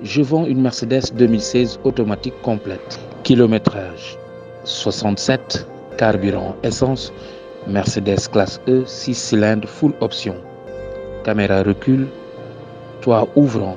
Je vends une Mercedes 2016 automatique complète. Kilométrage 67, carburant essence, Mercedes classe E, 6 cylindres, full option. Caméra recul, toit ouvrant,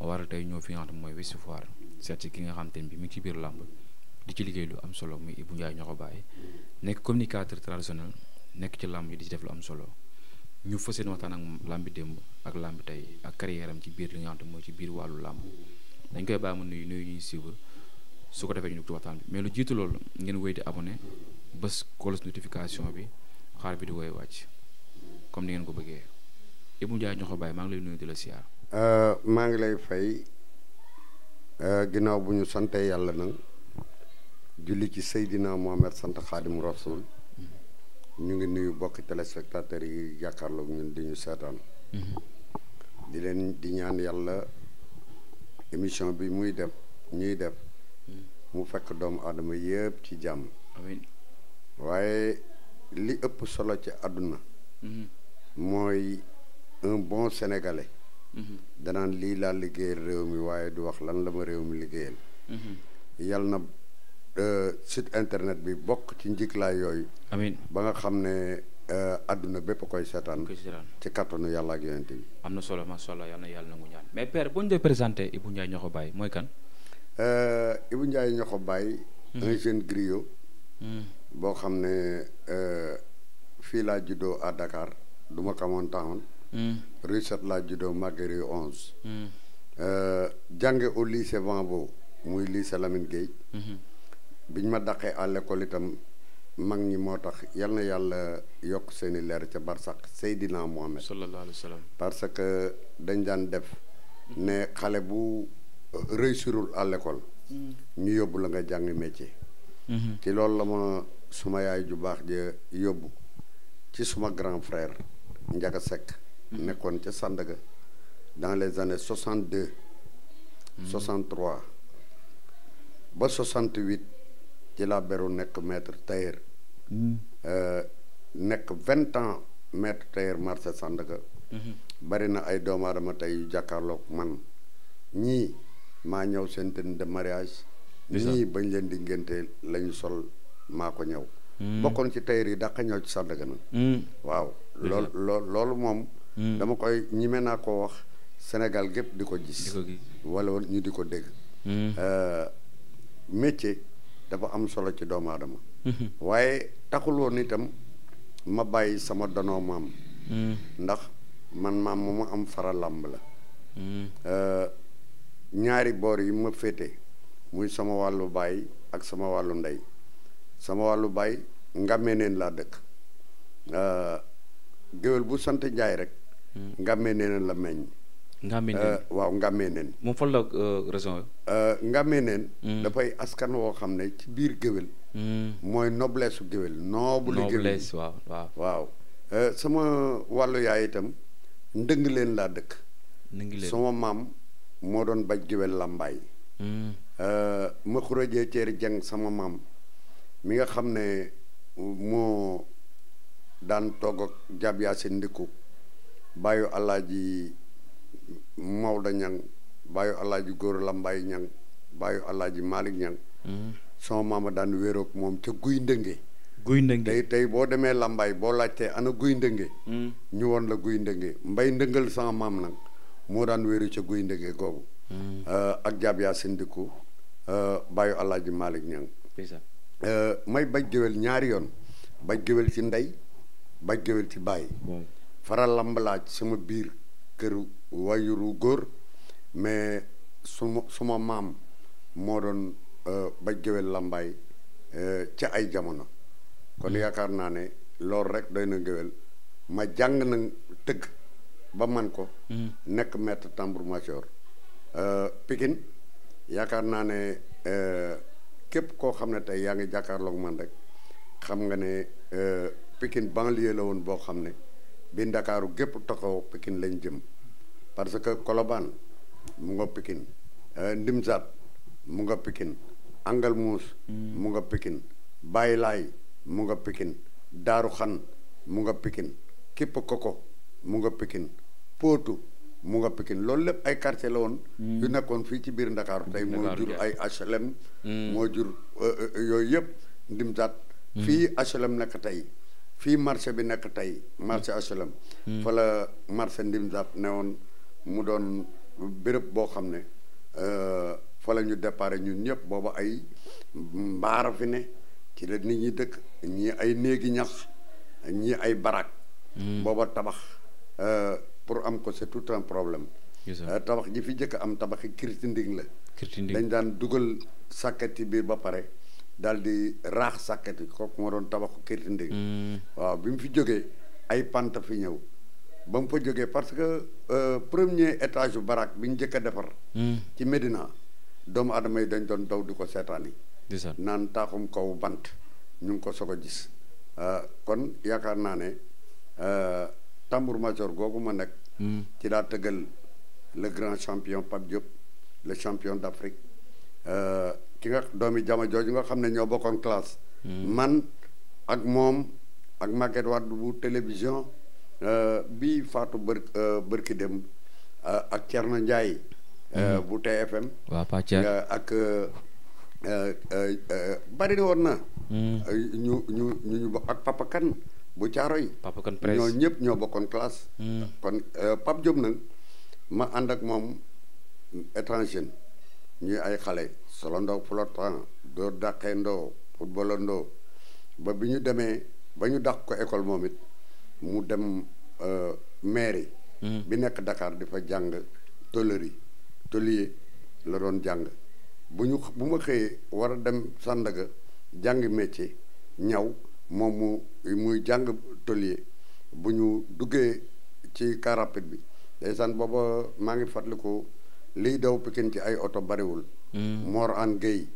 moo waral tey ñëw fi nga xam ne mooy Ouest Foire seet nga xam ne bi mu ngi ci biir làmb di ci liggéey lu am solo mu Ibou Ndiaye ñoo ko bàyyi nekk communicateur traditionnel nekk ci làmb yi di ci def lu am solo ñu fas yéene waxtaan ak moom làmbi démb ak làmbi tey ak carrière am ci biir li nga xam te mooy ci biir wàllu làmb dañ koy bàyyi mu nuyu nuyu ñuy suivre su ko defee ñu dugg ci waxtaan bi mais lu jiitu loolu ngeen wéy di abonné bés kolos notification bi xaar bi di wooy wàcc comme ni ngeen ko bëggee Ibou Ndiaye ñoo ko bàyyi maa ngi lay nuyu di la siyaar Euh, maa ngi lay fay euh, ginnaaw bu ñu sante yàlla nag julli ci Seydina Mohamed sant xaadim rasul ñu ngi nuyu bokki téléspectateurs yi jàkkaarloog ñun di ñu seetaan di leen di ñaan yàlla émission bi muy def ñuy def mu fekk doomu aadama yëpp ci jàmm waaye li ëpp solo ci àdduna mm-hmm. mooy un bon sénégalais danaan lii laa liggéeyal réew mi waaye du wax lan la ma réew mi liggéeyal mm-hmm. yal na euh, site internet bi bokk ci laay yooyu amiin ba nga xam ne euh, àdduna bépp koy seetaan ci kattanu yàlla ak yonent bi am na solo macha allah yal na yàlla nangu ñaan mais père bu ñu dee présenté Ibou Ndiaye Niokho Baye mooy kan euh, Ibou Ndiaye Niokho Baye mm-hmm. un jeune griot mm-hmm. boo xam ne fii laa juddoo à Dakar du xamoon taxoon Mm. rue laa juddoo màggee rue onze mm. euh, jànge au lycée Vanvo muy lycée Lamine Gueye mm-hmm. biñ ma daqee à l'école itam mag ñi moo tax yal na yàlla yokk seeni leer ca barsax Seydina Mohamed sallallahu alayhi wa sallam parce que dañ daan def ne xale bu réussirul à l'école mm. ñu yóbbu la nga jàng métier mm-hmm. ci loolu la ma suma yaay ju baax ja yóbbu ci suma grand frère Njaga Seck nekkoon ca Sandaga dans les années 62 63 mhm. ba 68 ci laa beru nekk maître tailleur mhm. euh, nekk vingt ans maître tailleur marché Sandaga mhm. bari na ay doomu aadama tey yu jàkkaarloog man ñii maa ñëw seen tenue de mariage ñii bañ leen di ngénte la sol maa ko ñëw bokkoon ci tailleur yi dàq ñëw ci Sandaga nag waaw loolu loolu moom Hmm. dama koy ñime naa koo wax senegal gépp di ko gis wala ñu di ko dégg hmm. euh, métier dafa am solo ci doomu aadama hmm. waaye taxul woon itam ma bàyyi sama danoo maam ndax man maam mu ma am fara làmb la euh, ñaari boor yi ma féete muy sama wàllu baay ak sama wàllu ndey sama wàllu baay ngamee neen laa dëkk euh, géwél bu sant njaay rek Ngammee neen la meññ. Ngammee neen euh, waaw Ngammee neen. moom fan la euh, raison. Euh, Ngammee neen. Mm. dafay askan woo xam ne ci biir géwél. Mm. mooy noblesse su géwél. noble géwél noblesse waaw sama wàllu yaay itam ndëng leen laa dëkk. ndëng leen sama maam moo doon baj géwél làmbaay. Mm. ma xurajee ceeri jeng sama maam mi nga xam ne moo daan togg ak yaa seen ndikku baayu alaaji Maodo Ñang baayu alaaji Góor Lambaay Ñang baayu alaaji Malick Ñang mm-hmm. sama maama daan wéeroog moom ca guy ndënge tey tey boo demee Lambaay boo laajtee ana guy ndënge mm-hmm. ñu woon la guy ndënge mbay ndëngal sama maam nag moo daan wéeru ca guy ndënge googu mm-hmm. uh, ak jaab yaa sindiku uh, baayu alaaji Malick Ñang uh, may baj géwél ñaari yoon baj géwél ci ndey baj géwél ci bàyyi faral lamb laa sama biir kër wayuru góor mais suma suma maam moo doon euh, baj géwél lambaay euh, ci ay jamono kon hmm. yaakaar naa ne loolu rek doy na géwél ma jàng na tëgg ba man ko hmm. nekk maître tambour major euh, Pikine yaakaar naa ne képp koo xam ne tey yaa ngi jàkkaarloog man rek xam nga ne Pikine banlieue la woon boo xam ne bi ndakaaru gépp taxaw Pikine lañ jëm parce que Colobane mu nga Pikine euh, Ndimsaat mu nga Pikine Angal Mous mm. mu nga Pikine Baye Laay mu nga Pikine Daaru Xan mu nga Pikine Kipp Koko mu nga Pikine Pootu mu nga Pikine loolu lépp ay quartier la woon mm. yu nekkoon fii ci biir ndakaaru tey mm. moo jur ay HLM moo jur yooyu yëpp Ndimsaat fii HLM nekk tey fii marché bi nekk tey marché HLM. Hmm. fa la marché ne woon mu doon béréb boo xam ne euh, fa la ñu déparé ñun ñëpp booba ay mbaar fi ne ci la nit ñi dëkk ñii ay néegi ñax ñii ay barak. Hmm. booba tabax euh, pour am ko c'est tout un problème. Euh, tabax ji fi jëkk am tabaxi kirti nding la. dañ daan dugal sàkkati biir ba pare. daal di raax sàkket kooku moo doon tabaxu kër ndég hmm. waaw bi mu fi jógee ay pant fi ñëw ba mu fa jógee parce que euh, premier étage yu barak bi ñu njëkk a defar hmm. ci Médina doomu adama yi dañ doon daw di ko seetaan yi naan taaxum kaw bant ñu ngi ko soog a gis euh, kon yaakaar naa ne euh, tambour major googu ma nekk hmm. ci laa tëggal le grand champion Pape Diop le champion d'Afrique ki nga doomi jama jooju nga xam ne ñoo bokkoon classe. Hmm. man ak moom ak Maguette Wade bu télévision euh, bi faatu bër euh, bërki dem euh, ak Thierno Ndiaye. Hmm. bu TFM. waaw Pa ak bari na woon na. Hmm. ñu ñu ñu ñu ak Papa bu Caaroy. yi Kan presse ñoo ñëpp ñoo bokkoon classe. kon Pape Diop nag ma ànd ak moom étranger. ñuy ay xale solondoo polotan dóor dàqeendoo footballandoo ba bi ñu demee ba ñu dàq ko école moom mu dem euh, hmm. bi Dakar di fa jàng tolleri tollier la doon jàng bu ñu bu ma dem Sandaga jàng métier ñaw momu mu muy jàng tollier bu ñu ci car bi ngi liy daw Pikine ci ay oto bariwul. Hmm. Mor An Guèye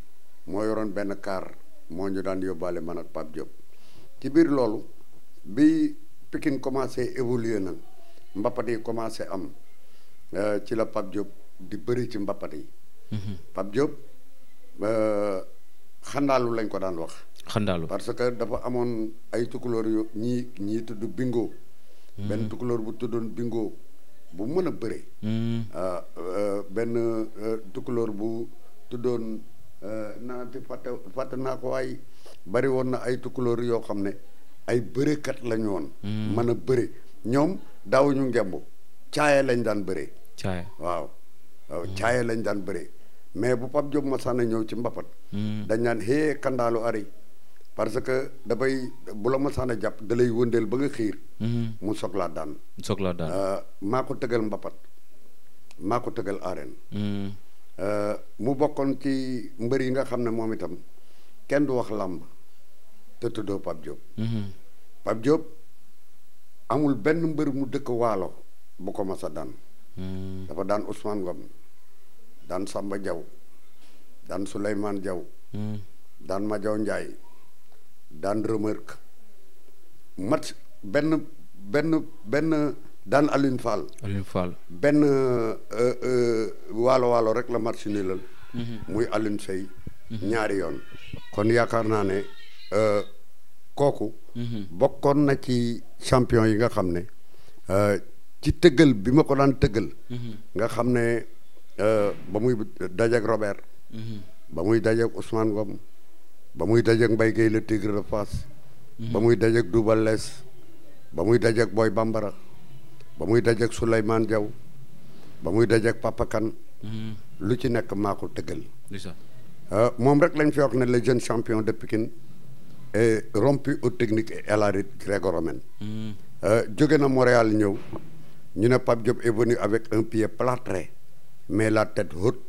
moo yoroon benn kaar moo ñu daan yóbbaale man ak pap job ci biir loolu bi Pikine commencé évoluer nag mbappat yi commencé am euh, ci la Pape Diop di bëri ci mbappat yi. Mhm. Pape Diop euh, xandaalu lañ ko daan wax. xandaalu parce que dafa amoon ay tukulóor yu ñii ñii tudd bingo. Hmm. benn tukulóor bu tuddoon bingo. bu mën a bëree. Hmm. Ah, euh, benn euh, tukulóor bu tuddoon euh, naati fàtte fàtte naa ko waaye bari woon na ay tukulóor yoo xam ne ay bërekat la ñu woon. Hmm. mën a bëre ñoom daawuñu ngemb caayee lañ daan bëree. caaya waaw waaw hmm. lañ daan bëree mais bu Pape Diop Masana ñëw ci mbapat dañ naan hee kandaalu ari parce que dafay bu la masaan a jàpp dalay lay wëndeel ba nga xiir. Mm-hmm. mu soxlaa daan. soxlaa euh, maa ko tëgal mbapat maa ko tëgal arène. Mm-hmm. Euh, mu bokkoon ci mbër yi nga xam ne moom itam kenn du wax làmb te tuddoo Pape Diop. Mm-hmm. amul benn mbër mu dëkk waalo bu ko mas a daan. dafa daan Ousmane Ngom daan Samba jaw daan Souleymane Diaw. daan Madiaw Ndiaye. daan remarque match benn benn benn daan Alioune Fall. benn euh, euh, waalo waalo rek la match ni lal mhm. muy Alioune Seye mhm. ñaari yoon kon yaakaar naa ne euh, kooku mhm. bokkoon na ci champion yi nga xam ne ci tëggal bi ma ko daan tëggal nga xam ne ba muy dajeek Robert ba muy dajeek Ousmane Ngom ba muy dajeeg Mbaye Guèye le tigre de Fass mm-hmm. ba muy dajeeg Double Less ba muy dajeeg booy Bambara ba muy dajeeg Souleymane Diaw ba muy dajeeg papakan mm-hmm. lu ci nekk maa ko tëggal euh, moom rek lañ fi wax na le jeune champion de Pikine et rompu aux technique et à la rite mm-hmm. euh, jóge na Montréal ñëw ñu ne Pape Diop est avec un pied plâtré mais la tête haute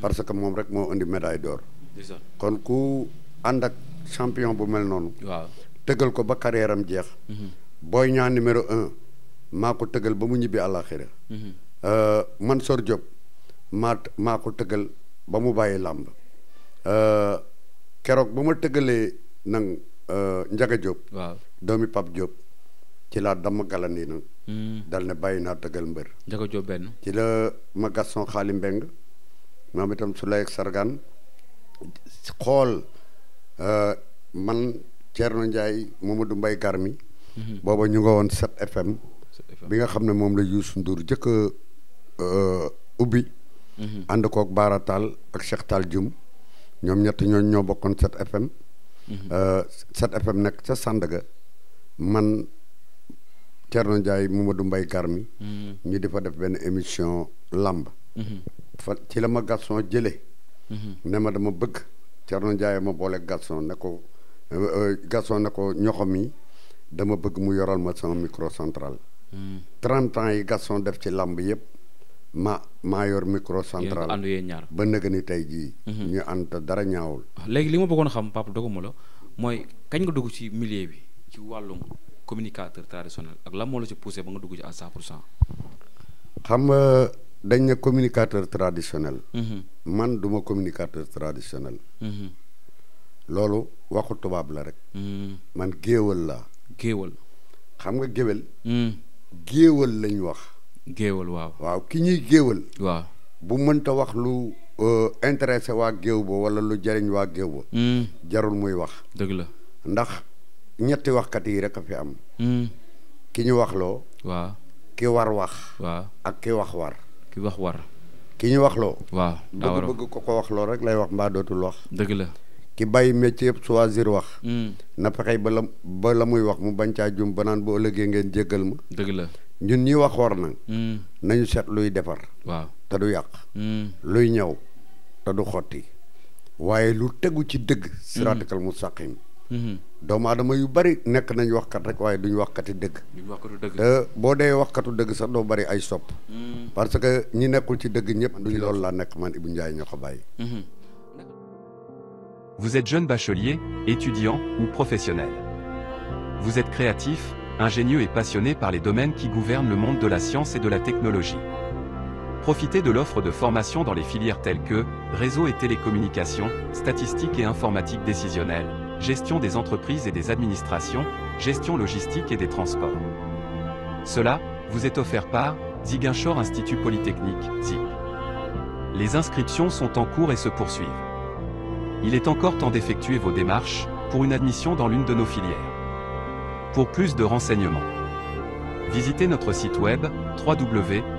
parce que moom rek moo indi médaille d'or kon ku ànd ak champion bu mel noonu. waaw tëggal ko ba carrière am jeex. Mm-hmm. Boy Niang numéro un maa ko tëggal ba mu ñibbi àllaaxira. Mm-hmm. Euh, Mansour Diop maa maa ba mu bàyyi làmb euh, keroog ba ma tëggalee nag euh, Njaga Diop. waaw doomi Pape Diop ci laa damm galan yi nag. Mm-hmm. dal ne bàyyi naa tëggal mbër. Njaga Diop benn. ci la ma Gaston Xaali Mbeng maam itam su lay sargaan xool. Euh, man Thierno Ndiaye Mamadou mbay Garmi. Mhm. booba ñu nga woon 7 FM. bi nga xam ne moom la Youssou Ndour jëkk a euh, ubbi. Mhm. ànd koog Baara ak Cheikh Tall Dioum ñoom ñett ñoo ñoo bokkoon 7 FM. 7 FM nekk ca Sandaga man Thierno Ndiaye Mamadou Mbaye Garmi. Mhm. ñu di fa def benn émission làmb. fa ci la ma Gaston jëlee. ne ma dama bëgg. Thierno Ndiaye ma boole Gaston ne ko euh, euh, Gaston ne ko ñoxo mi dama bëgg mu yoral ma sama micro central. 30 hmm. ans yi Gaston def ci làmb yëpp ma maa yor micro central ànd yéen ñaar ba nëgë ni tey jii. Hmm. ñu ànd te dara ñaawul. léegi li ma bëggoon xam papa doguma la mooy kañ nga dugg ci milieu bi ci wàllum communicateur traditionnel ak lan moo la ci poussé ba nga dugg ci à 100 pour cent. xam dañ na communicateur traditionnel. Mhm. man duma communicateur traditionnel. Mhm. loolu waxu tubaab la rek. Mhm. man géewal la géewal. xam nga géwél. géewal lañ wax. géewal waaw. waaw ki ñuy géewal. waaw bu mënta wax lu euh, intéressé waa géew ba wala lu jariñ waa géew ba. jarul muy wax. dëgg la ndax ñetti waxkat yi rek a fi am. ki ñu waxloo. waaw ki war wax. waaw ak ki wax war. ki wax war. ki ñu wax loo. waaw daa bëgg ko ko wax loo rek lay wax mbaa dootul wax. dëgg la. ki bàyyi métier yëpp choisir wax. Hmm. na fexe ba la ba la muy wax mu bañ caa jum ba naan bu ëllëgee ngeen jéggal ma. dëgg la ñun ñi wax war na hmm. nañu seet luy defar. waaw te du yàq. Hmm. luy ñaw te du xotti. waaye lu tegu ci dëgg. siraatal mustaqim Mm-hmm. Vous êtes jeune bachelier, étudiant ou professionnel. Vous êtes créatif, ingénieux et passionné par les domaines qui gouvernent le monde de la science et de la technologie. Profitez de l'offre de formation dans les filières telles que réseau et télécommunications, statistiques et informatique décisionnelle, gestion des entreprises et des administrations, gestion logistique et des transports. Cela vous est offert par Ziguinchor Institut Polytechnique, ZIP. Les inscriptions sont en cours et se poursuivent. Il est encore temps d'effectuer vos démarches pour une admission dans l'une de nos filières. Pour plus de renseignements, visitez notre site web www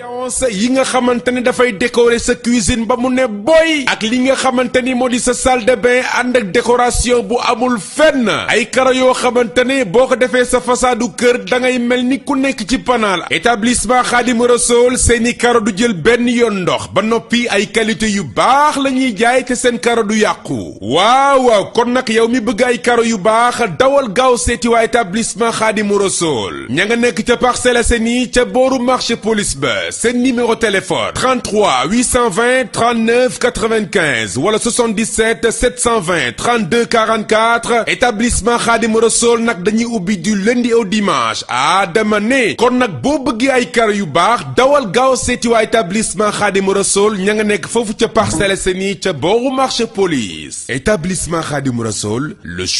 faïence yi nga xamante ne dafay décorer sa cuisine ba mu ne boy ak li nga xamante ni moo di sa saldeben ànd ak décoration bu amul fenn ay karo yoo xamante ne boo ko defee sa façadu kër da ngay mel ni ku nekk ci panaal établissement Khadim Rassoul seeni karo du jël benn yoon ndox ba noppi ay qualité yu baax la ñuy jaay te seen karo du yàqu waaw waaw kon nag yow mi bëgg ay karo yu baax dawal gaaw seeti waa établissement Khadim Rassoul ña nga nekk ca Parcelles Assainies ca booru marché police ba le numéro de téléphone 33 820 39 95 wala 77 720 32 44 établissement Khadim Rassoul nak dañuy ubi du lundi au dimanche à Damane kon nak bo bëgg ay kar yu bax dawal gaaw wa établissement Khadim Rassoul ña nga nekk fofu ci Parcelles Assainies ci bo marché police établissement Khadim Rassoul le